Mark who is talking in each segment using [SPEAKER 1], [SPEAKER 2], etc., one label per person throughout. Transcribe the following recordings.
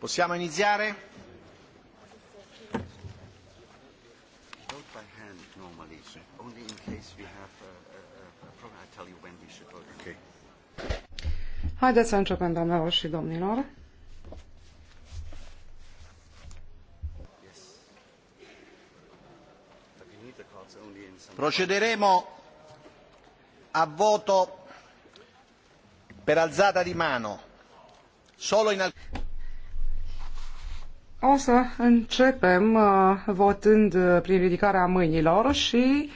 [SPEAKER 1] Possiamo iniziare?
[SPEAKER 2] Haideți să începem, doamnelor și domnilor. Procederemo
[SPEAKER 1] a voto per alzata di mano. Solo in
[SPEAKER 2] o să începem uh, votând uh, prin ridicarea mâinilor și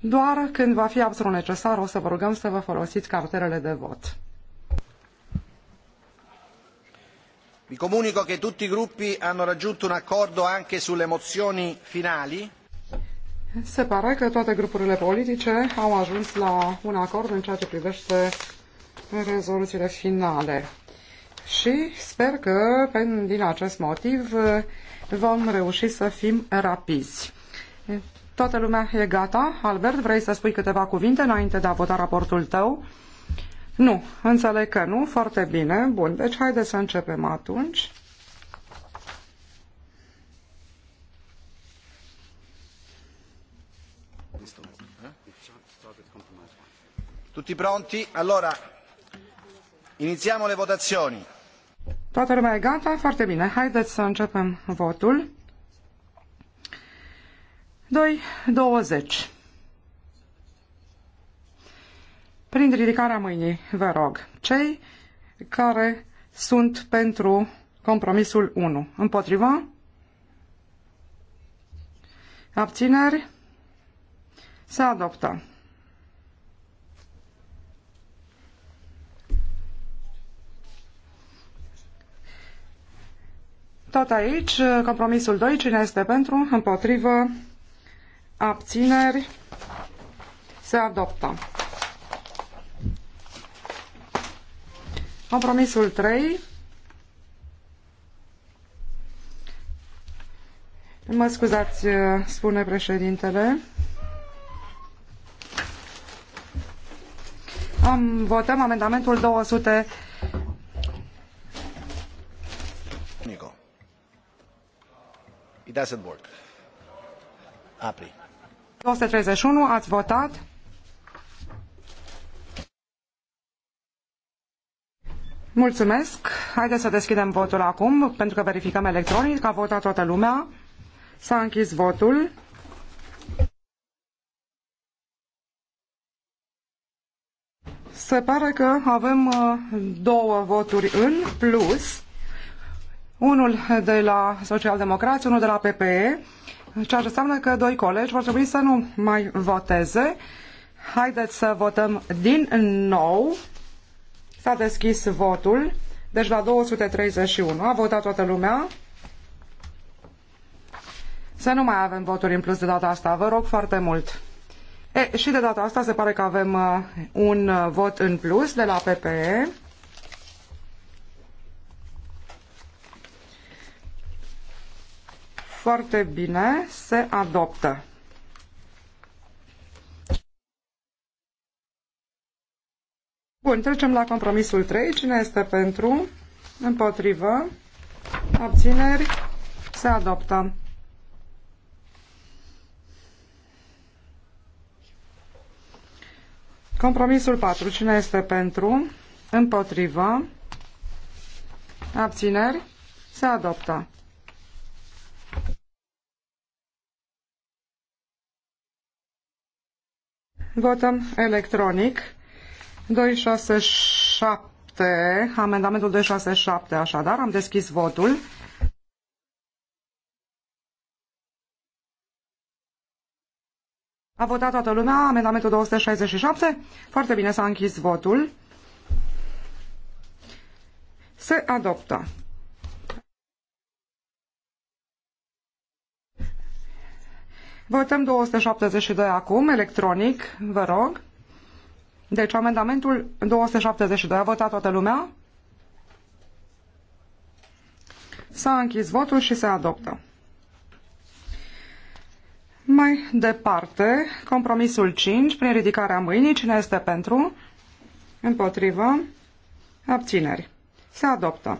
[SPEAKER 2] doar când va fi absolut necesar o să vă rugăm să vă folosiți cartelele de vot.
[SPEAKER 1] Vi comunico che tutti i gruppi hanno raggiunto un accordo anche sulle mozioni finali.
[SPEAKER 2] Se pare că toate grupurile politice au ajuns la un acord în ceea ce privește rezoluțiile finale și sper că din acest motiv eh, vom reuși să fim rapizi. Toată lumea e gata. Albert, vrei să spui câteva cuvinte înainte de a vota raportul tău? Nu, înțeleg că nu, foarte bine. Bun, deci haideți să începem atunci.
[SPEAKER 1] Tutti pronti? Allora, iniziamo le votazioni.
[SPEAKER 2] Toată lumea e gata? Foarte bine. Haideți să începem votul. 2. 20. Prin ridicarea mâinii, vă rog, cei care sunt pentru compromisul 1. Împotriva? Abțineri? Se adoptă. tot aici. Compromisul 2. Cine este pentru? Împotrivă? Abțineri? Se adoptă. Compromisul 3. Mă scuzați, spune președintele. Am, votăm amendamentul 200.
[SPEAKER 1] It doesn't work. Apri.
[SPEAKER 2] 231, ați votat? Mulțumesc. Haideți să deschidem votul acum, pentru că verificăm electronic. A votat toată lumea. S-a închis votul. Se pare că avem uh, două voturi în plus unul de la Socialdemocrați, unul de la PPE, ceea ce înseamnă că doi colegi vor trebui să nu mai voteze. Haideți să votăm din nou. S-a deschis votul, deci la 231. A votat toată lumea. Să nu mai avem voturi în plus de data asta, vă rog foarte mult. E, și de data asta se pare că avem uh, un uh, vot în plus de la PPE. Foarte bine, se adoptă. Bun, trecem la compromisul 3. Cine este pentru? Împotrivă? Abțineri? Se adoptă. Compromisul 4. Cine este pentru? Împotrivă? Abțineri? Se adoptă. Votăm electronic. 267, amendamentul 267, așadar, am deschis votul. A votat toată lumea amendamentul 267. Foarte bine s-a închis votul. Se adoptă. Votăm 272 acum, electronic, vă rog. Deci amendamentul 272 a votat toată lumea? S-a închis votul și se adoptă. Mai departe, compromisul 5, prin ridicarea mâinii, cine este pentru? Împotrivă? Abțineri. Se adoptă.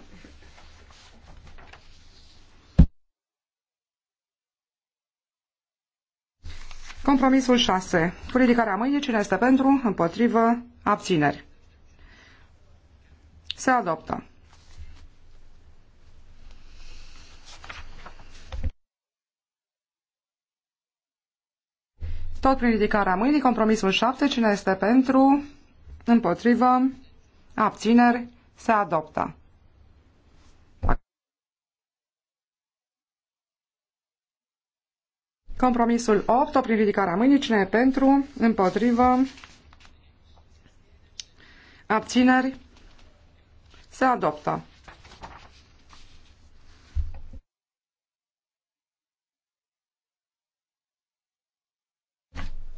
[SPEAKER 2] Compromisul 6. Cu ridicarea mâinii, cine este pentru, împotrivă, abțineri. Se adoptă. Tot prin ridicarea mâinii, compromisul 7, cine este pentru, împotrivă, abțineri, se adoptă. Compromisul 8, prin ridicarea mâinii, cine e pentru, împotrivă, abțineri, se adoptă.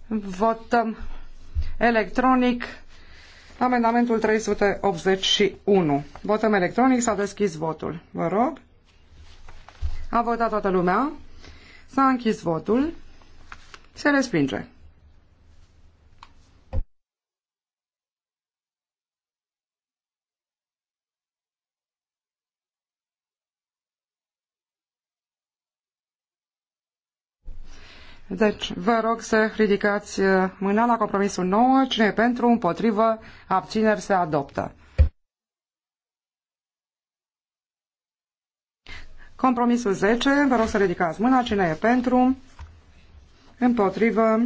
[SPEAKER 2] Votăm electronic amendamentul 381. Votăm electronic, s-a deschis votul. Vă rog. A votat toată lumea. S-a închis votul. Se respinge. Deci, vă rog să ridicați uh, mâna la compromisul 9. Cine e pentru, împotrivă, abțineri, se adoptă. Compromisul 10, vă rog să ridicați mâna, cine e pentru, împotrivă,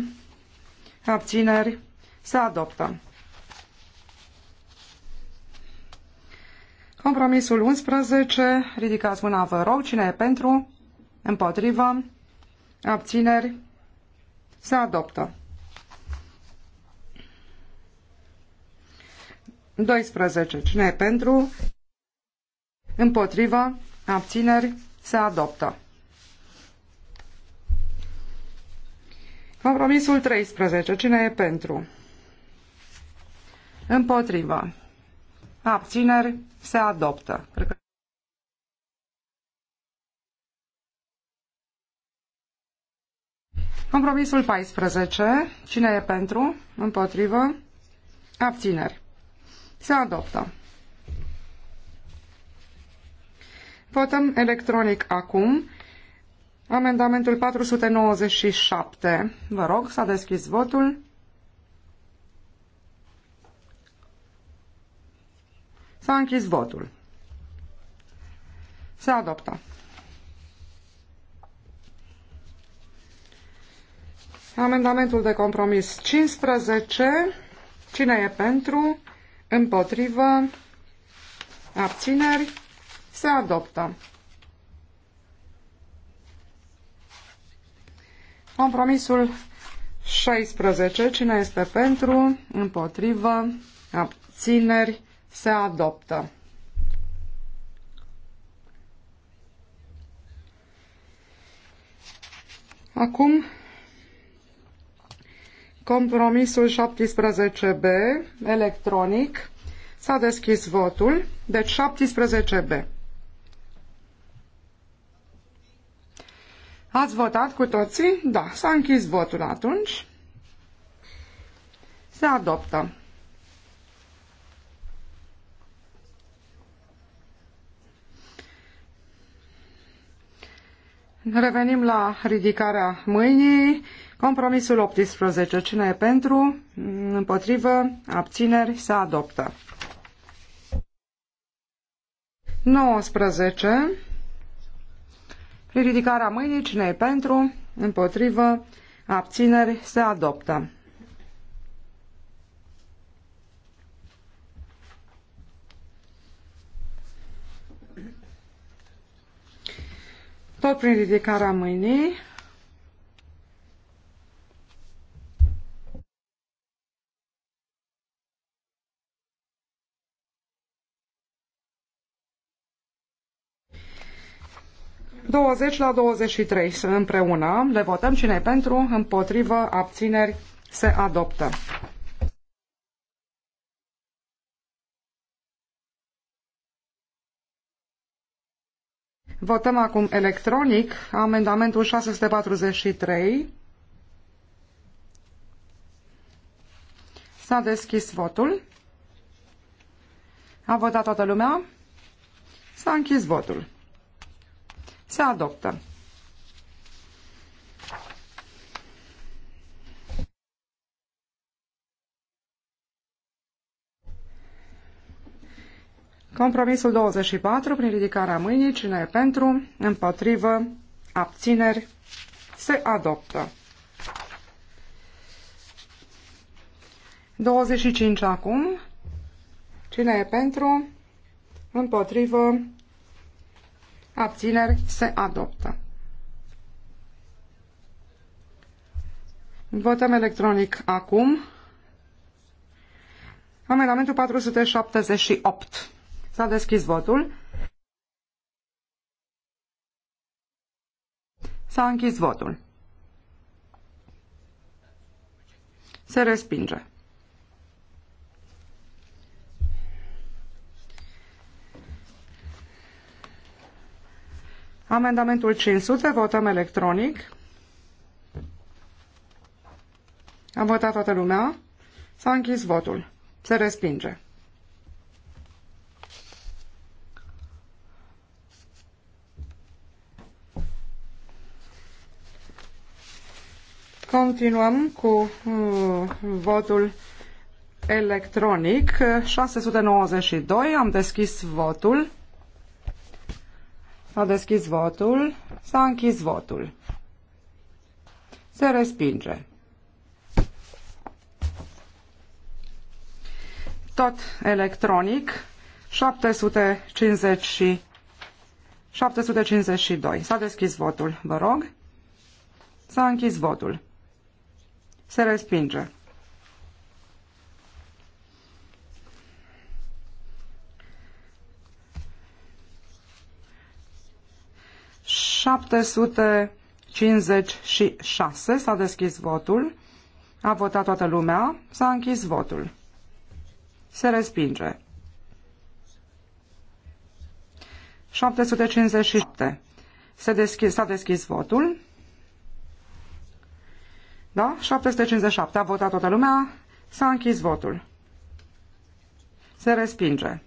[SPEAKER 2] abțineri, se adoptă. Compromisul 11, ridicați mâna, vă rog, cine e pentru, împotrivă, abțineri, se adoptă. 12. Cine e pentru? Împotriva? abțineri, se adoptă. Compromisul 13. Cine e pentru? Împotrivă. Abțineri, se adoptă. Compromisul 14. Cine e pentru? Împotrivă? Abțineri. Se adoptă. Votăm electronic acum. Amendamentul 497. Vă rog, s-a deschis votul. S-a închis votul. Se adoptă. Amendamentul de compromis 15. Cine e pentru? Împotrivă? Abțineri? se adoptă. Compromisul 16. Cine este pentru, împotrivă, abțineri, se adoptă. Acum, compromisul 17B, electronic, s-a deschis votul, deci 17B. Ați votat cu toții? Da, s-a închis votul atunci. Se adoptă. Revenim la ridicarea mâinii. Compromisul 18. Cine e pentru? Împotrivă? Abțineri? Se adoptă. 19. Ridicarea mâinii, cine e pentru, împotrivă, abțineri, se adoptă. Tot prin ridicarea mâinii, 20 la 23 împreună. Le votăm cine pentru, împotrivă, abțineri, se adoptă. Votăm acum electronic amendamentul 643. S-a deschis votul. A votat toată lumea. S-a închis votul. Se adoptă. Compromisul 24, prin ridicarea mâinii, cine e pentru, împotrivă, abțineri, se adoptă. 25 acum. Cine e pentru, împotrivă, abțineri, se adoptă. Votăm electronic acum. Amendamentul 478. S-a deschis votul. S-a închis votul. Se respinge. Amendamentul 500, votăm electronic. Am votat toată lumea. S-a închis votul. Se respinge. Continuăm cu uh, votul electronic 692. Am deschis votul. S-a deschis votul, s-a închis votul. Se respinge. Tot electronic, 750 și 752. S-a deschis votul, vă rog. S-a închis votul. Se respinge. 756. S-a deschis votul. A votat toată lumea. S-a închis votul. Se respinge. 757. S-a deschis, deschis votul. Da? 757. A votat toată lumea. S-a închis votul. Se respinge.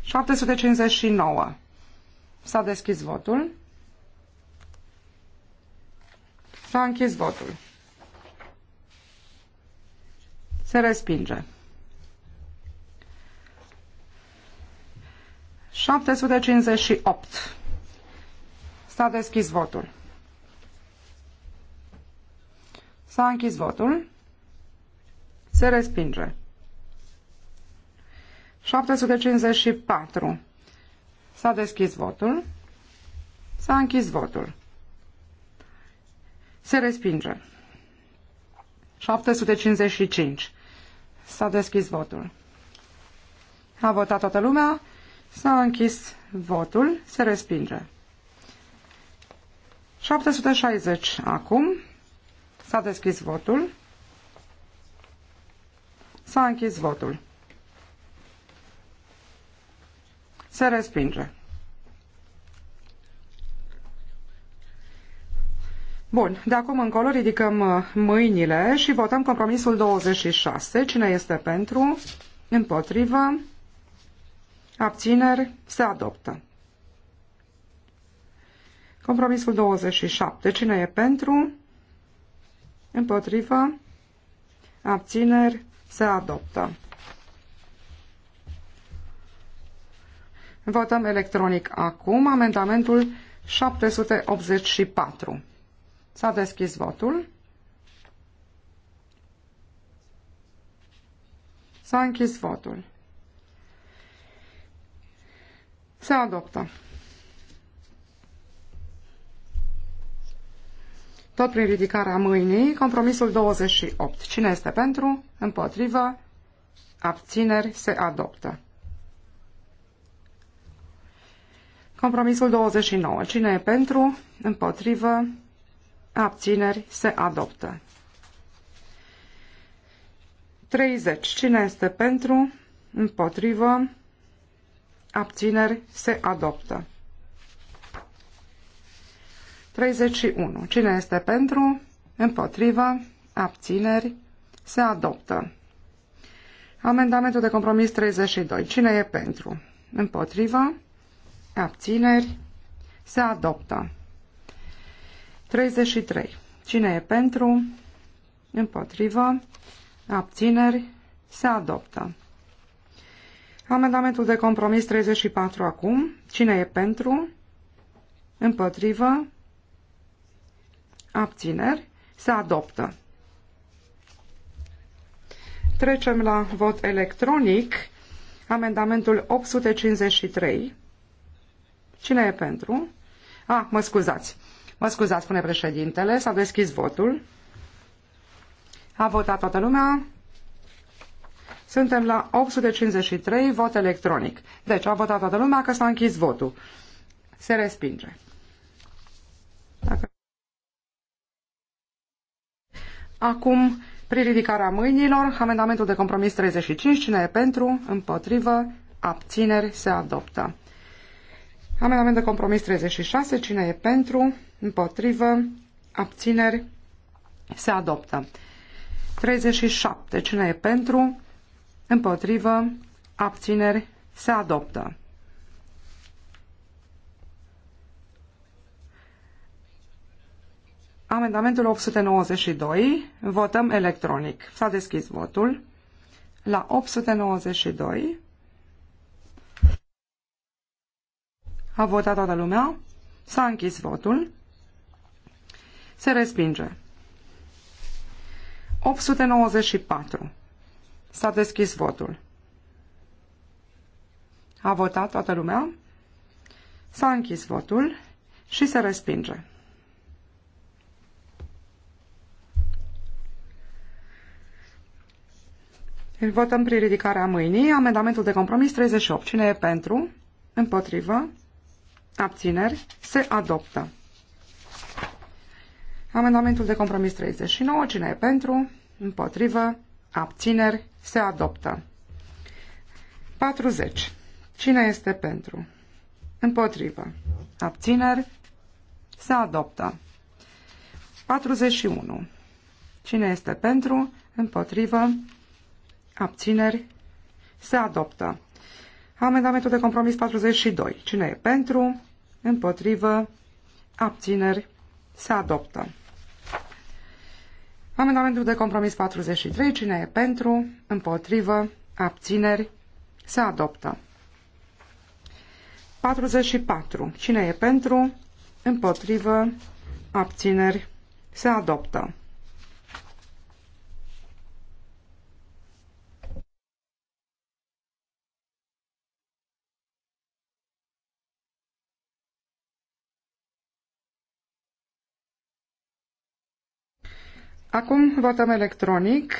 [SPEAKER 2] 759. S-a deschis votul. S-a închis votul. Se respinge. 758. S-a deschis votul. S-a închis votul. Se respinge. 754. S-a deschis votul. S-a închis votul. Se respinge. 755. S-a deschis votul. A votat toată lumea. S-a închis votul. Se respinge. 760 acum. S-a deschis votul. S-a închis votul. Se respinge. Bun, de acum încolo ridicăm uh, mâinile și votăm compromisul 26. Cine este pentru? Împotrivă? Abțineri? Se adoptă. Compromisul 27. Cine e pentru? Împotrivă? Abțineri? Se adoptă. Votăm electronic acum amendamentul 784. S-a deschis votul. S-a închis votul. Se adoptă. Tot prin ridicarea mâinii, compromisul 28. Cine este pentru? Împotrivă? Abțineri? Se adoptă. Compromisul 29. Cine e pentru? Împotrivă? Abțineri? Se adoptă. 30. Cine este pentru? Împotrivă? Abțineri? Se adoptă. 31. Cine este pentru? Împotrivă? Abțineri? Se adoptă. Amendamentul de compromis 32. Cine e pentru? Împotrivă? abțineri, se adoptă. 33. Cine e pentru, împotrivă, abțineri, se adoptă. Amendamentul de compromis 34 acum. Cine e pentru, împotrivă, abțineri, se adoptă. Trecem la vot electronic. Amendamentul 853. Cine e pentru? Ah, mă scuzați. Mă scuzați, spune președintele. S-a deschis votul. A votat toată lumea. Suntem la 853 vot electronic. Deci a votat toată lumea că s-a închis votul. Se respinge. Dacă... Acum, prin ridicarea mâinilor, amendamentul de compromis 35, cine e pentru, împotrivă, abțineri, se adoptă. Amendament de compromis 36. Cine e pentru? Împotrivă? Abțineri? Se adoptă. 37. Cine e pentru? Împotrivă? Abțineri? Se adoptă. Amendamentul 892. Votăm electronic. S-a deschis votul. La 892 A votat toată lumea. S-a închis votul. Se respinge. 894. S-a deschis votul. A votat toată lumea. S-a închis votul și se respinge. Îl votăm prin ridicarea mâinii. Amendamentul de compromis 38. Cine e pentru? Împotrivă? abțineri, se adoptă. Amendamentul de compromis 39, cine e pentru, împotrivă, abțineri, se adoptă. 40. Cine este pentru? Împotrivă. Abțineri, se adoptă. 41. Cine este pentru? Împotrivă. Abțineri, se adoptă. Amendamentul de compromis 42. Cine e pentru? împotrivă, abțineri, se adoptă. Amendamentul de compromis 43, cine e pentru, împotrivă, abțineri, se adoptă. 44. Cine e pentru, împotrivă, abțineri, se adoptă. Acum votăm electronic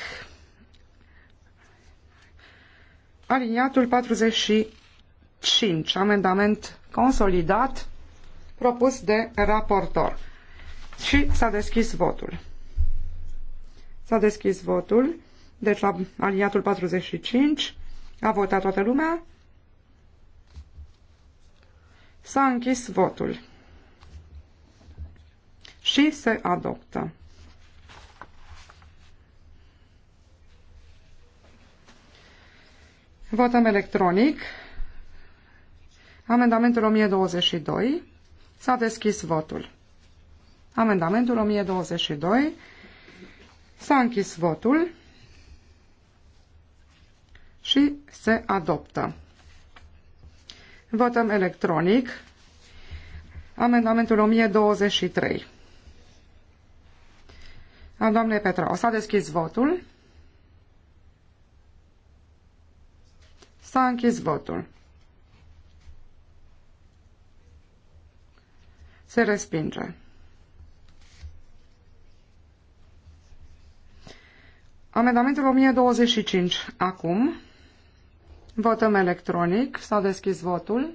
[SPEAKER 2] aliniatul 45, amendament consolidat propus de raportor. Și s-a deschis votul. S-a deschis votul, deci la aliniatul 45 a votat toată lumea. S-a închis votul și se adoptă. Votăm electronic. Amendamentul 1022. S-a deschis votul. Amendamentul 1022. S-a închis votul și se adoptă. Votăm electronic. Amendamentul 1023. A doamnei Petra, o s-a deschis votul. S-a închis votul. Se respinge. Amendamentul 1025. Acum votăm electronic. S-a deschis votul.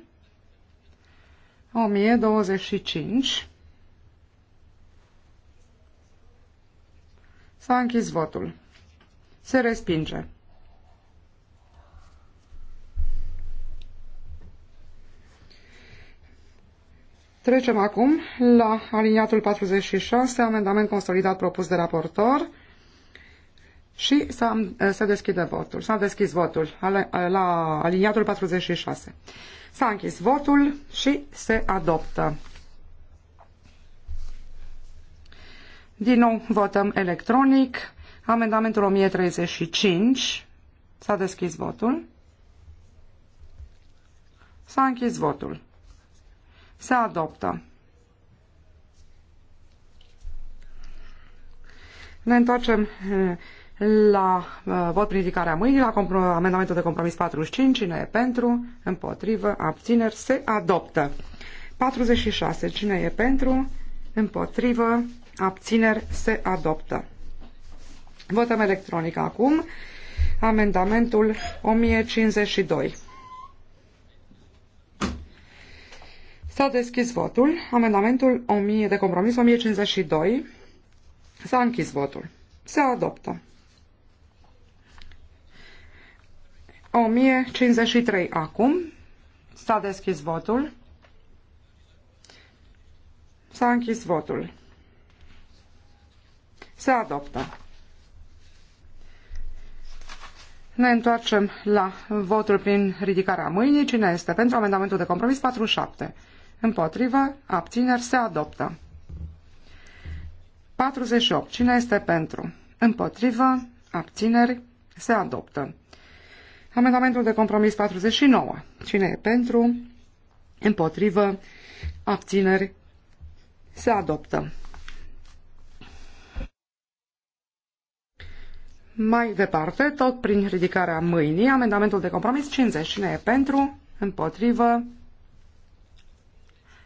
[SPEAKER 2] 1025. S-a închis votul. Se respinge. Trecem acum la aliniatul 46, amendament consolidat propus de raportor și se deschide votul. S-a deschis votul la aliniatul 46. S-a închis votul și se adoptă. Din nou votăm electronic. Amendamentul 1035. S-a deschis votul. S-a închis votul. Se adoptă. Ne întoarcem eh, la eh, vot prin ridicarea mâinii, la amendamentul de compromis 45, cine e pentru, împotrivă, abțineri, se adoptă. 46, cine e pentru, împotrivă, abțineri, se adoptă. Votăm electronic acum amendamentul 1052. S-a deschis votul. Amendamentul 1000 de compromis 1052 s-a închis votul. Se adoptă. 1053 acum. S-a deschis votul. S-a închis votul. Se adoptă. Ne întoarcem la votul prin ridicarea mâinii. Cine este pentru amendamentul de compromis 47? Împotrivă, abțineri se adoptă. 48. Cine este pentru? Împotrivă, abțineri se adoptă. Amendamentul de compromis 49. Cine e pentru? Împotrivă, abțineri se adoptă. Mai departe, tot prin ridicarea mâinii, amendamentul de compromis 50. Cine e pentru? Împotrivă,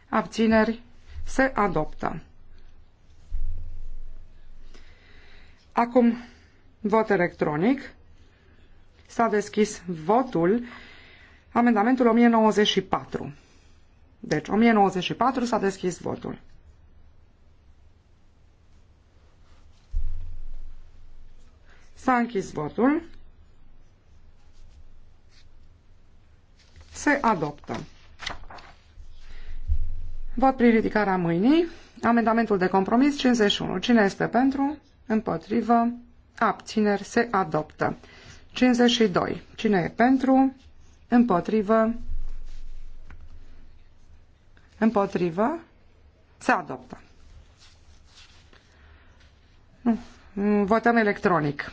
[SPEAKER 2] abțineri, se adoptă. Acum, vot electronic. S-a deschis votul amendamentul 1094. Deci, 1094 s-a deschis votul. S-a închis votul. Se adoptă. Vot prin ridicarea mâinii. Amendamentul de compromis 51. Cine este pentru? Împotrivă. Abțineri. Se adoptă. 52. Cine e pentru? Împotrivă. Împotrivă. Se adoptă. Votăm electronic.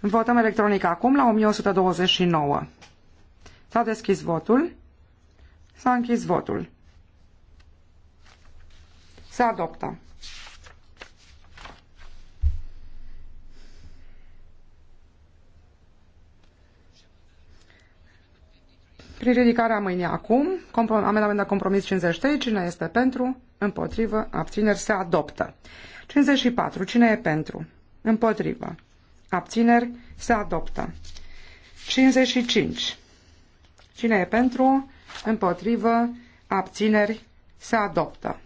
[SPEAKER 2] Votăm electronic acum la 1129. S-a deschis votul. S-a închis votul. Se adoptă. Prin ridicarea mâinii acum, amendament de compromis 53, cine este pentru, împotrivă, abțineri, se adoptă. 54, cine e pentru, împotrivă, abțineri, se adoptă. 55, cine e pentru, împotrivă, abțineri, se adoptă.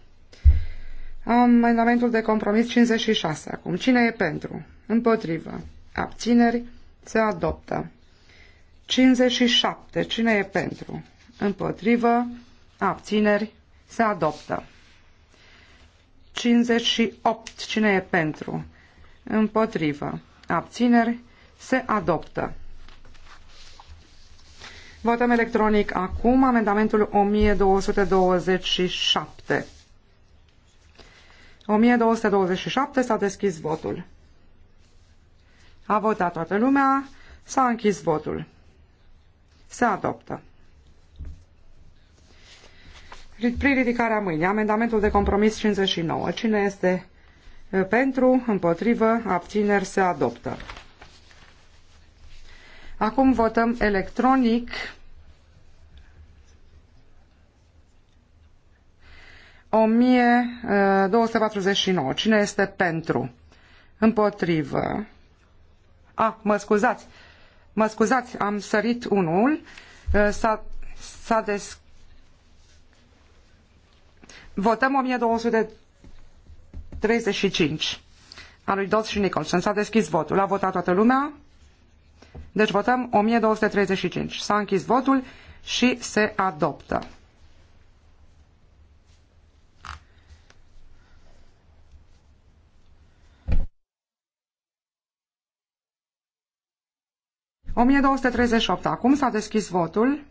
[SPEAKER 2] Amendamentul de compromis 56. Acum, cine e pentru? Împotrivă. Abțineri, se adoptă. 57. Cine e pentru? Împotrivă, abțineri, se adoptă. 58. Cine e pentru? Împotrivă. Abțineri, se adoptă. Votăm electronic acum amendamentul 1227. 1227 s-a deschis votul. A votat toată lumea, s-a închis votul. Se adoptă. Priridicarea mâinii. Amendamentul de compromis 59. Cine este uh, pentru, împotrivă, abțineri, se adoptă. Acum votăm electronic 1249. Uh, Cine este pentru? Împotrivă. Ah, mă scuzați. Mă scuzați, am sărit unul. Uh, s-a, des... Votăm 1235 a lui Dos și Nicholson. S-a deschis votul. A votat toată lumea. Deci votăm 1235. S-a închis votul și se adoptă. 1238. Acum s-a deschis votul.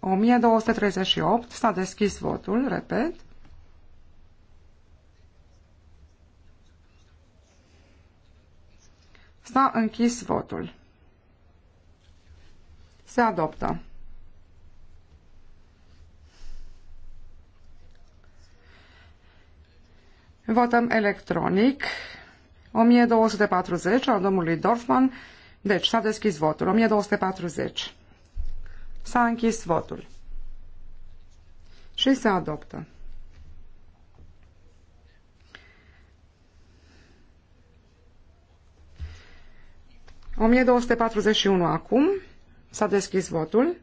[SPEAKER 2] 1238. S-a deschis votul, repet. S-a închis votul. Se adoptă. Votăm electronic. 1240 al domnului Dorfman deci, s-a deschis votul. 1240. S-a închis votul. Și se adoptă. În 1241 acum. S-a deschis votul.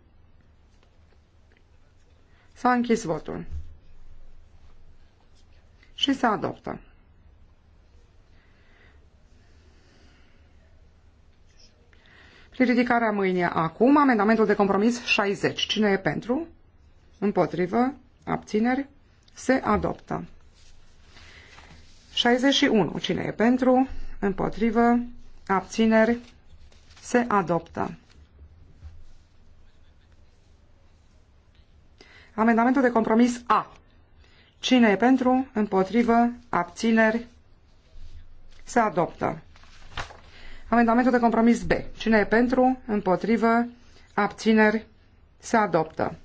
[SPEAKER 2] S-a închis votul. Și se adoptă. Ridicarea mâinii acum. Amendamentul de compromis 60. Cine e pentru? Împotrivă. Abțineri. Se adoptă. 61. Cine e pentru? Împotrivă. Abțineri. Se adoptă. Amendamentul de compromis A. Cine e pentru? Împotrivă. Abțineri. Se adoptă. Amendamentul de compromis B. Cine e pentru? Împotrivă? Abțineri? Se adoptă.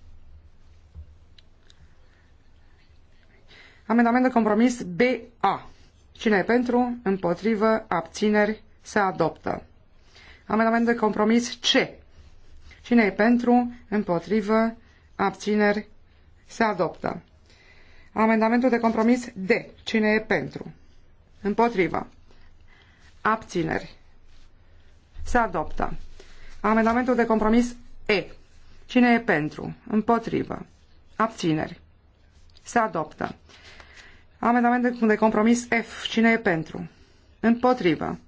[SPEAKER 2] Amendamentul de compromis BA. Cine e pentru? Împotrivă? Abțineri? Se adoptă. Amendamentul de compromis C. Cine e pentru? Împotrivă? Abțineri? Se adoptă. Amendamentul de compromis D. Cine e pentru? Împotrivă. Abțineri. Se adoptă. Amendamentul de compromis E. Cine e pentru? Împotrivă. Abțineri. Se adoptă. Amendament de compromis F. Cine e pentru? Împotrivă.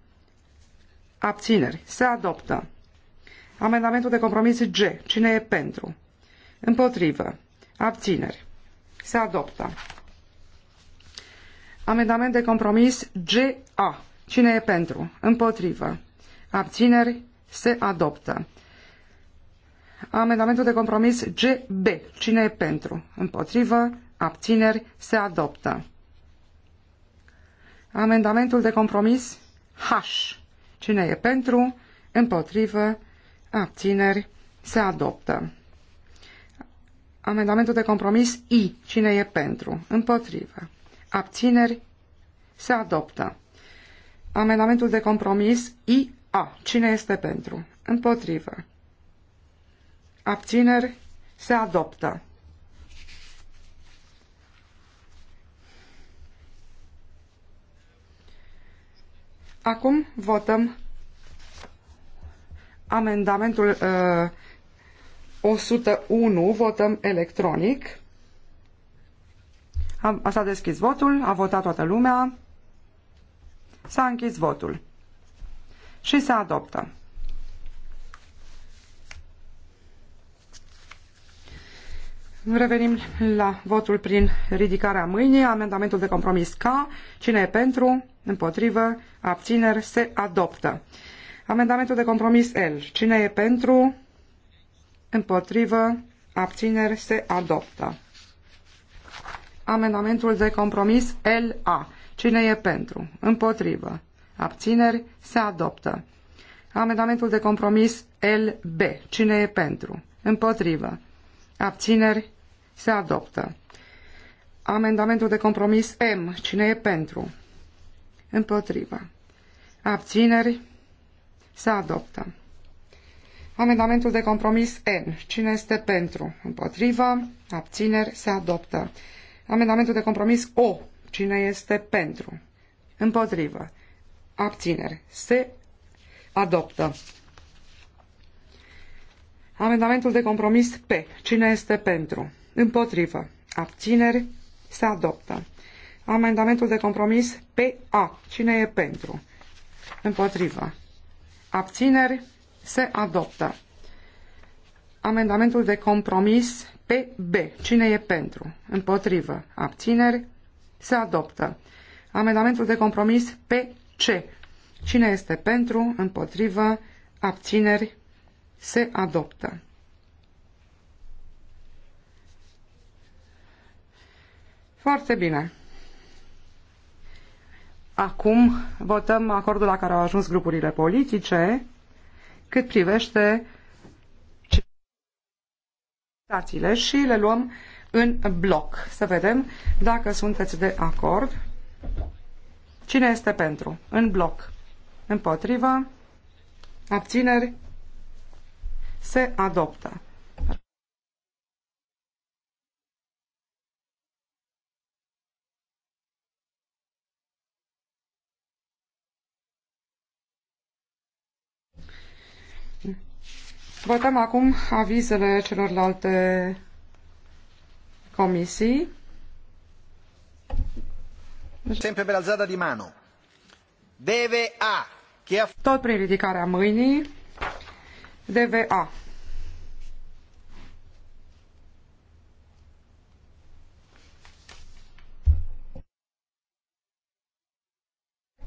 [SPEAKER 2] Abțineri. Se adoptă. Amendamentul de compromis G. Cine e pentru? Împotrivă. Abțineri. Se adoptă. Amendament de compromis GA. Cine e pentru? Împotrivă abțineri, se adoptă. Amendamentul de compromis GB. Cine e pentru? Împotrivă, abțineri, se adoptă. Amendamentul de compromis H. Cine e pentru? Împotrivă, abțineri, se adoptă. Amendamentul de compromis I. Cine e pentru? Împotrivă. Abțineri, se adoptă. Amendamentul de compromis I a. Cine este pentru? Împotrivă. Abțineri se adoptă. Acum votăm amendamentul uh, 101, votăm electronic. S-a deschis votul, a votat toată lumea, s-a închis votul și se adoptă. Revenim la votul prin ridicarea mâinii. Amendamentul de compromis K. Cine e pentru? Împotrivă? Abțineri? Se adoptă. Amendamentul de compromis L. Cine e pentru? Împotrivă? Abțineri? Se adoptă. Amendamentul de compromis LA. Cine e pentru? Împotrivă? abțineri, se adoptă. Amendamentul de compromis LB. Cine e pentru? Împotrivă. Abțineri, se adoptă. Amendamentul de compromis M. Cine e pentru? Împotrivă. Abțineri, se adoptă. Amendamentul de compromis N. Cine este pentru? Împotrivă. Abțineri. Se adoptă. Amendamentul de compromis O. Cine este pentru? Împotrivă abțineri. Se adoptă. Amendamentul de compromis P. Cine este pentru? Împotrivă. Abțineri. Se adoptă. Amendamentul de compromis PA. Cine e pentru? Împotrivă. Abțineri. Se adoptă. Amendamentul de compromis PB. Cine e pentru? Împotrivă. Abțineri. Se adoptă. Amendamentul de compromis PA. C. Cine este pentru, împotrivă, abțineri, se adoptă. Foarte bine. Acum votăm acordul la care au ajuns grupurile politice cât privește citațiile și le luăm în bloc. Să vedem dacă sunteți de acord. Cine este pentru? În bloc. Împotrivă. Abțineri. Se adoptă. Votăm acum avizele celorlalte comisii.
[SPEAKER 1] Sempre per alzata di mano. Deve a.
[SPEAKER 2] Chi Tot prin ridicarea mâinii. Deve a.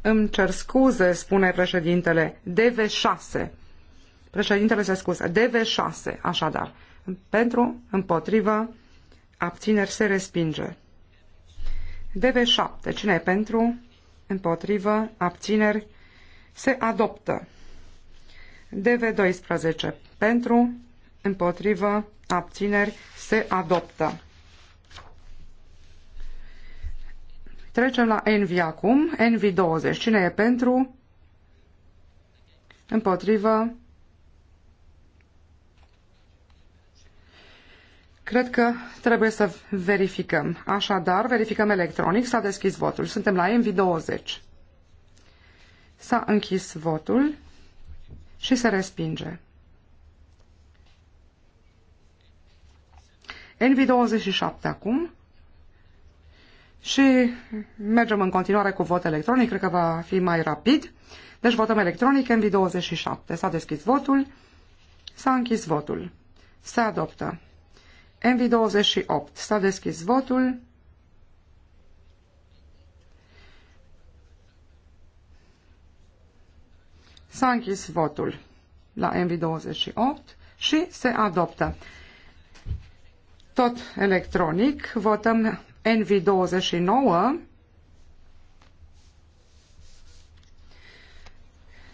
[SPEAKER 2] Îmi cer scuze, spune președintele. DV6. Președintele se scuză. DV6, așadar. Pentru, împotrivă, abțineri se respinge. DV7. Cine e pentru? Împotrivă. Abțineri. Se adoptă. DV12. Pentru. Împotrivă. Abțineri. Se adoptă. Trecem la Envy acum. Envy 20. Cine e pentru? Împotrivă. Cred că trebuie să verificăm. Așadar, verificăm electronic. S-a deschis votul. Suntem la MV20. S-a închis votul și se respinge. NV27 acum și mergem în continuare cu vot electronic, cred că va fi mai rapid. Deci votăm electronic NV27. S-a deschis votul, s-a închis votul. Se adoptă. MV28. S-a deschis votul. S-a închis votul la MV28 și se adoptă. Tot electronic, votăm NV29.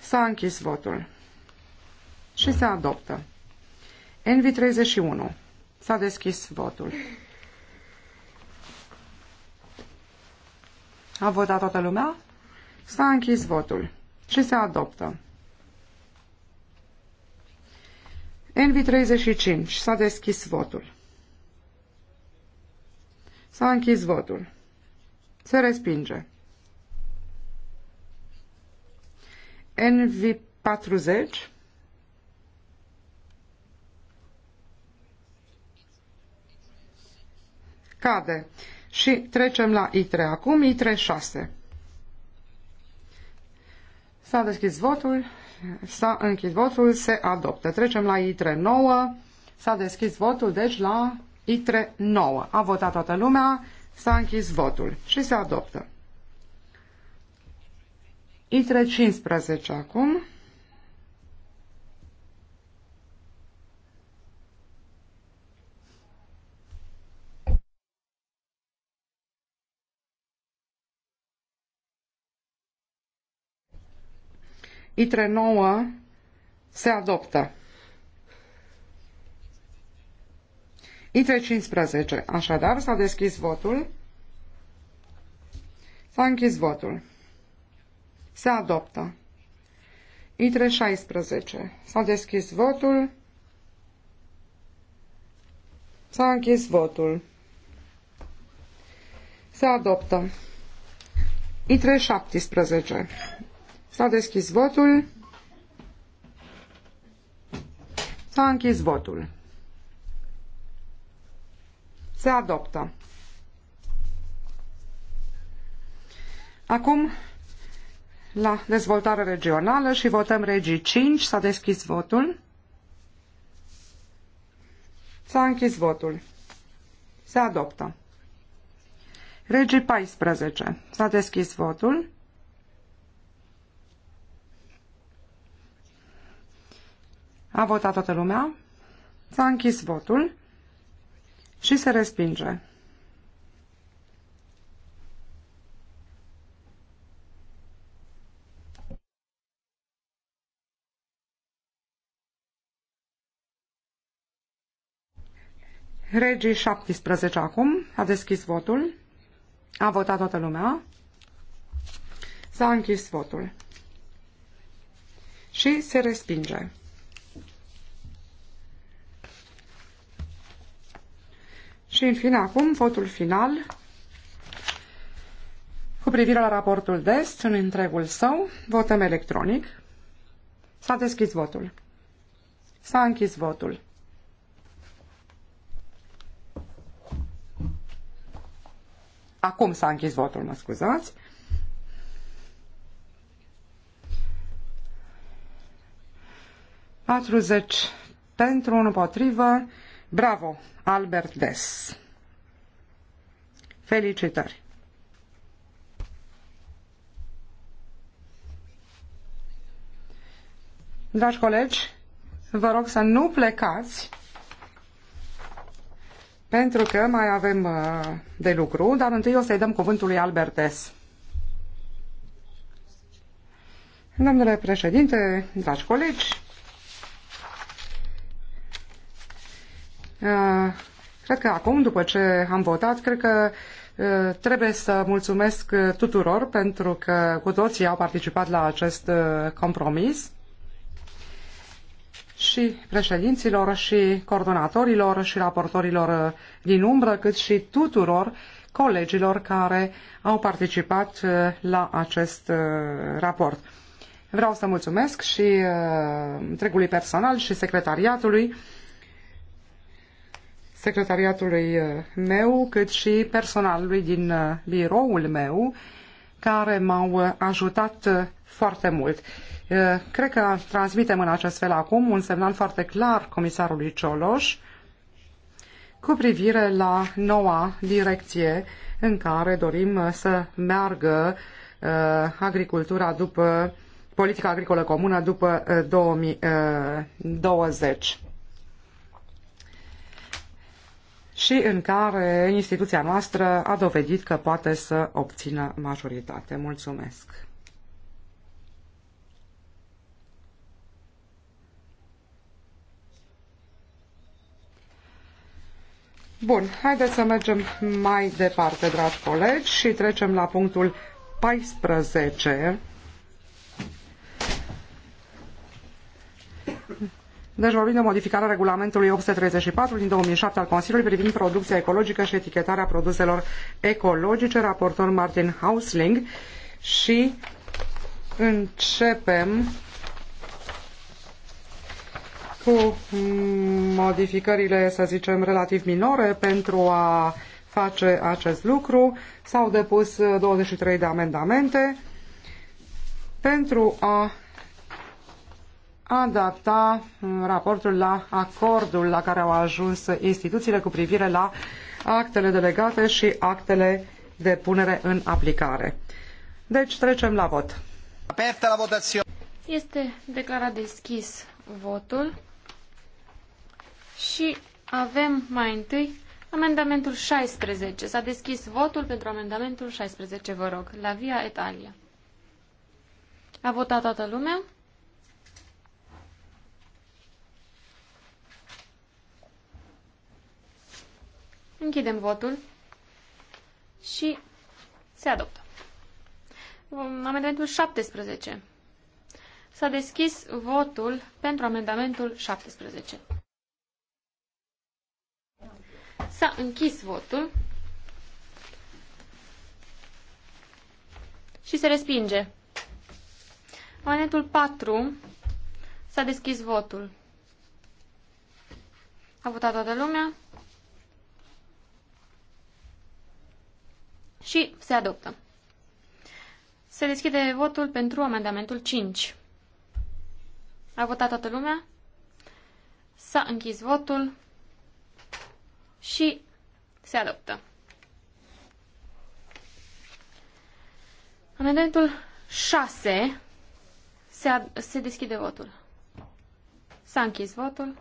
[SPEAKER 2] S-a închis votul și se adoptă. NV31. S-a deschis votul. A votat toată lumea? S-a închis votul și se adoptă. NV35. S-a deschis votul. S-a închis votul. Se respinge. NV40. Cade. Și trecem la I3 acum, I3 6. S-a deschis votul, s-a închis votul, se adoptă. Trecem la I3 9, s-a deschis votul, deci la I3 9. A votat toată lumea, s-a închis votul și se adoptă. I3 15 acum, ITRE 9 se adoptă. ITRE 15. Așadar, s-a deschis votul. S-a închis votul. Se adoptă. ITRE 16. S-a deschis votul. S-a închis votul. Se adoptă. ITRE 17. S-a deschis votul. S-a închis votul. Se adoptă. Acum la dezvoltare regională și votăm regii 5. S-a deschis votul. S-a închis votul. Se adoptă. Regii 14. S-a deschis votul. A votat toată lumea. S-a închis votul și se respinge. Regii 17 acum a deschis votul. A votat toată lumea. S-a închis votul. Și se respinge. Și, în fine, acum, votul final cu privire la raportul DEST în întregul său. Votăm electronic. S-a deschis votul. S-a închis votul. Acum s-a închis votul, mă scuzați. Patruzeci pentru, potrivă. Bravo, Albert Des! Felicitări! Dragi colegi, vă rog să nu plecați pentru că mai avem uh, de lucru, dar întâi o să-i dăm cuvântul lui Albertes. Domnule președinte, dragi colegi, Cred că acum, după ce am votat, cred că uh, trebuie să mulțumesc uh, tuturor pentru că cu toții au participat la acest uh, compromis și președinților și coordonatorilor și raportorilor din umbră, cât și tuturor colegilor care au participat la acest raport. Vreau să mulțumesc și întregului personal și secretariatului secretariatului uh, meu, cât și personalului din uh, biroul meu, care m-au uh, ajutat foarte mult. Cred că transmitem în acest fel acum un semnal foarte clar comisarului Cioloș cu privire la noua direcție în care dorim să meargă agricultura după politica agricolă comună după 2020. și în care instituția noastră a dovedit că poate să obțină majoritate. Mulțumesc! Bun, haideți să mergem mai departe, dragi colegi, și trecem la punctul 14 Deci vorbim de modificarea regulamentului 834 din 2007 al Consiliului privind producția ecologică și etichetarea produselor ecologice, raportor Martin Hausling și începem cu mm, modificările, să zicem, relativ minore pentru a face acest lucru. S-au depus 23 de amendamente pentru a adapta uh, raportul la acordul la care au ajuns instituțiile cu privire la actele delegate și actele de punere în aplicare. Deci trecem la vot.
[SPEAKER 1] Aperta la votație. Este declarat deschis votul și avem mai întâi amendamentul 16. S-a deschis votul pentru amendamentul 16, vă rog, la Via Italia. A votat toată lumea? Închidem votul și se adoptă. Amendamentul 17. S-a deschis votul pentru amendamentul 17. S-a închis votul și se respinge. Amendamentul 4. S-a deschis votul. A votat toată lumea. și se adoptă. Se deschide votul pentru amendamentul 5. A votat toată lumea? S-a închis votul și se adoptă. Amendamentul 6 se, ad- se deschide votul. S-a închis votul.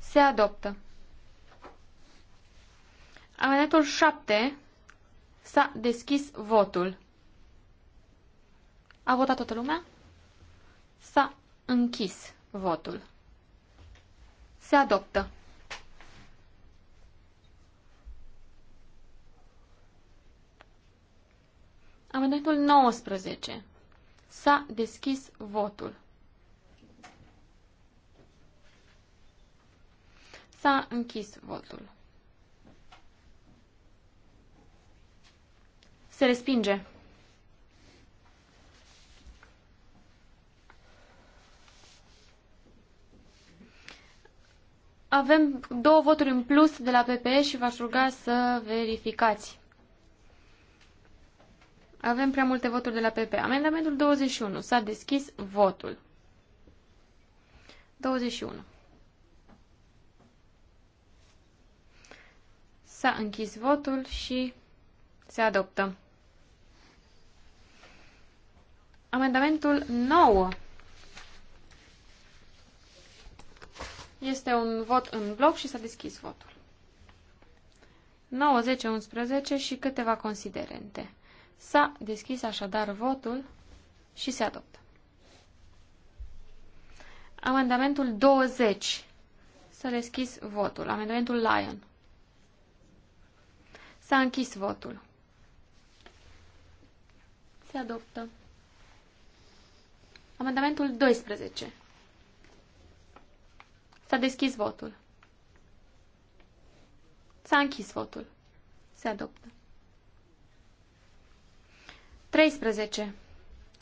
[SPEAKER 1] Se adoptă. Amendamentul 7 s-a deschis votul. A votat toată lumea? S-a închis votul. Se adoptă. Amendamentul 19. S-a deschis votul. S-a închis votul. Se respinge. Avem două voturi în plus de la PPE și v-aș ruga să verificați. Avem prea multe voturi de la PP. Amendamentul 21. S-a deschis votul. 21. S-a închis votul și se adoptă. Amendamentul 9 este un vot în bloc și s-a deschis votul. 9, 10, 11 și câteva considerente. S-a deschis așadar votul și se adoptă. Amendamentul 20. S-a deschis votul. Amendamentul Lion. S-a închis votul. Se adoptă. Amendamentul 12. S-a deschis votul. S-a închis votul. Se adoptă. 13.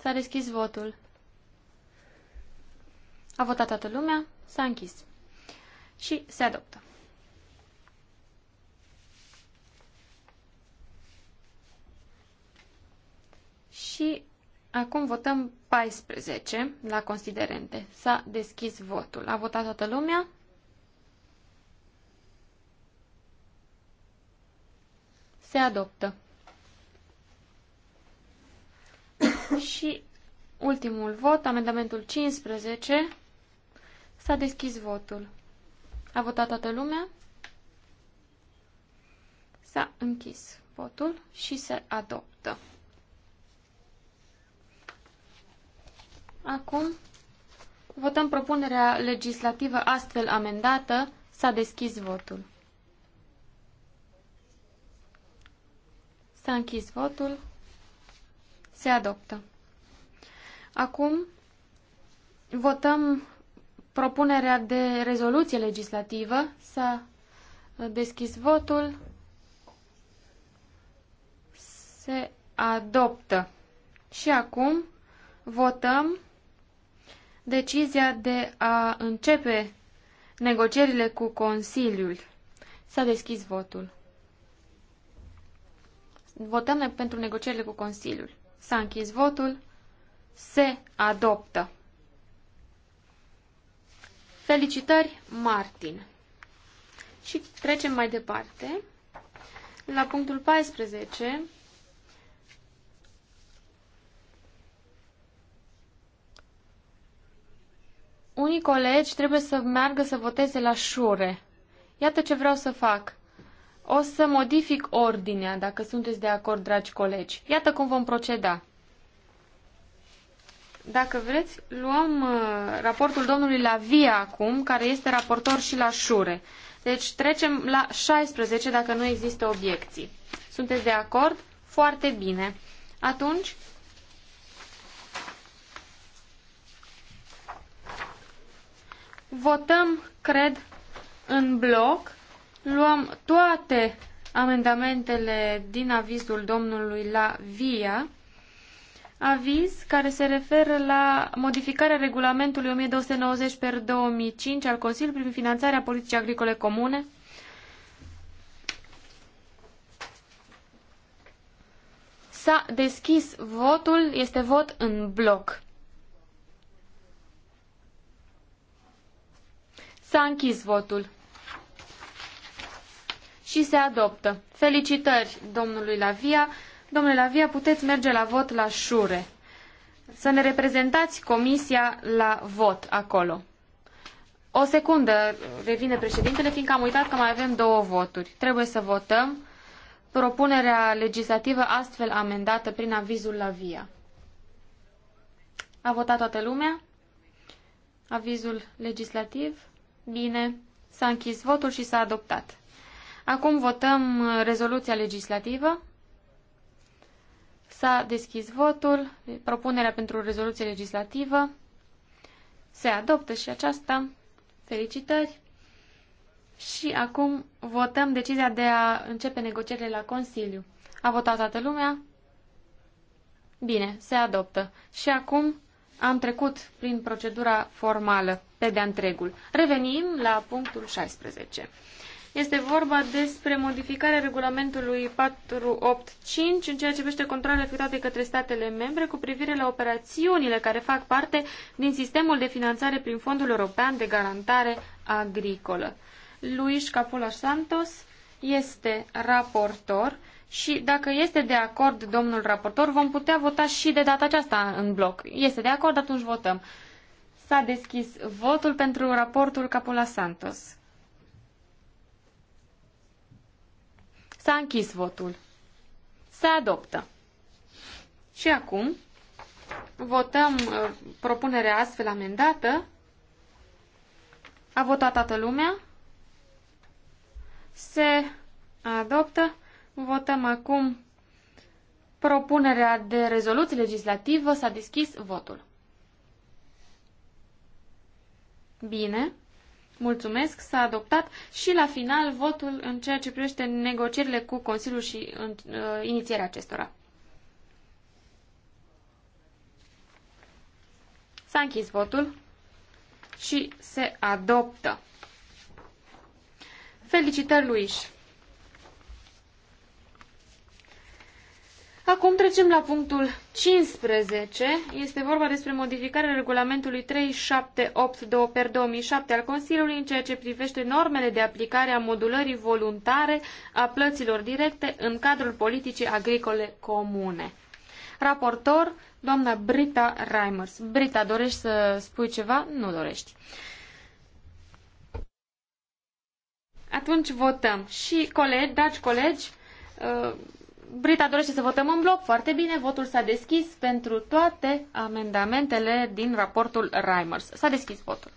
[SPEAKER 1] S-a deschis votul. A votat toată lumea, s-a închis. Și se adoptă. Și acum votăm 14 la considerente. S-a deschis votul. A votat toată lumea? Se adoptă. Și ultimul vot, amendamentul 15, s-a deschis votul. A votat toată lumea? S-a închis votul și se adoptă. Acum votăm propunerea legislativă astfel amendată. S-a deschis votul. S-a închis votul. Se adoptă. Acum votăm propunerea de rezoluție legislativă. S-a deschis votul. Se adoptă. Și acum votăm decizia de a începe negocierile cu Consiliul. S-a deschis votul. Votăm pentru negocierile cu Consiliul. S-a închis votul. Se adoptă. Felicitări, Martin! Și trecem mai departe la punctul 14, unii colegi trebuie să meargă să voteze la șure. Iată ce vreau să fac. O să modific ordinea, dacă sunteți de acord, dragi colegi. Iată cum vom proceda. Dacă vreți, luăm uh, raportul domnului Lavia acum, care este raportor și la șure. Deci trecem la 16 dacă nu există obiecții. Sunteți de acord? Foarte bine. Atunci Votăm, cred, în bloc. Luăm toate amendamentele din avizul domnului la VIA, aviz care se referă la modificarea regulamentului 1290 per 2005 al Consiliului privind finanțarea politicii agricole comune. S-a deschis votul, este vot în bloc. închis votul. Și se adoptă. Felicitări domnului Lavia. Domnule Lavia, puteți merge la vot la șure. Să ne reprezentați comisia la vot acolo. O secundă, revine președintele, fiindcă am uitat că mai avem două voturi. Trebuie să votăm propunerea legislativă astfel amendată prin avizul la via. A votat toată lumea? Avizul legislativ? Bine, s-a închis votul și s-a adoptat. Acum votăm uh, rezoluția legislativă. S-a deschis votul, propunerea pentru rezoluție legislativă. Se adoptă și aceasta. Felicitări! Și acum votăm decizia de a începe negocierile la Consiliu. A votat toată lumea? Bine, se adoptă. Și acum am trecut prin procedura formală pe de-a întregul. Revenim la punctul 16. Este vorba despre modificarea regulamentului 485 în ceea ce privește controlele efectuate către statele membre cu privire la operațiunile care fac parte din sistemul de finanțare prin Fondul European de Garantare Agricolă. Luis Capula Santos este raportor și dacă este de acord domnul raportor, vom putea vota și de data aceasta în bloc. Este de acord, atunci votăm. S-a deschis votul pentru raportul Capula Santos. S-a închis votul. Se adoptă. Și acum votăm uh, propunerea astfel amendată. A votat toată lumea. Se adoptă. Votăm acum propunerea de rezoluție legislativă. S-a deschis votul. Bine. Mulțumesc, s-a adoptat și la final votul în ceea ce privește negocierile cu Consiliul și în, uh, inițierea acestora. S-a închis votul și se adoptă. Felicitări, Luis! Acum trecem la punctul 15. Este vorba despre modificarea regulamentului 378 2007 al Consiliului în ceea ce privește normele de aplicare a modulării voluntare a plăților directe în cadrul politicii agricole comune. Raportor, doamna Brita Reimers. Brita, dorești să spui ceva? Nu dorești. Atunci votăm. Și colegi, dragi colegi, uh, Brita dorește să votăm în bloc. Foarte bine, votul s-a deschis pentru toate amendamentele din raportul Reimers. S-a deschis votul.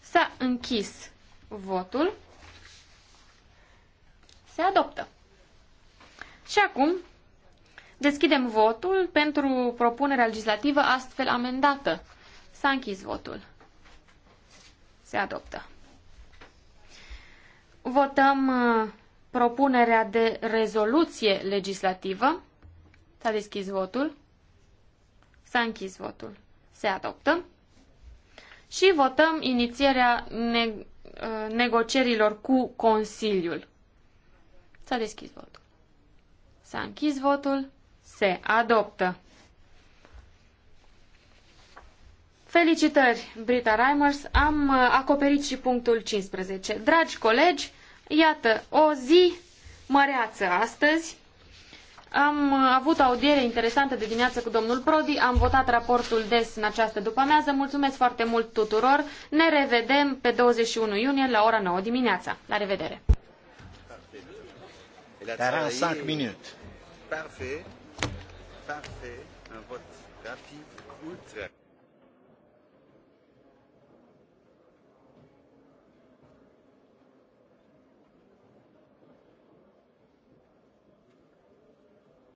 [SPEAKER 1] S-a închis votul. Se adoptă. Și acum deschidem votul pentru propunerea legislativă astfel amendată. S-a închis votul. Se adoptă. Votăm uh, propunerea de rezoluție legislativă. S-a deschis votul. S-a închis votul. Se adoptă. Și votăm inițierea ne uh, negocierilor cu Consiliul. S-a deschis votul. S-a închis votul. Se adoptă. Felicitări, Brita Reimers. Am uh, acoperit și punctul 15. Dragi colegi, Iată, o zi măreață astăzi. Am avut o audiere interesantă de dimineață cu domnul Prodi, am votat raportul des în această după-amiază. Mulțumesc foarte mult tuturor. Ne revedem pe 21 iunie la ora 9 dimineața. La revedere! Parrain 5 minute. Parfait. Parfait. Un vote rapide, ultra.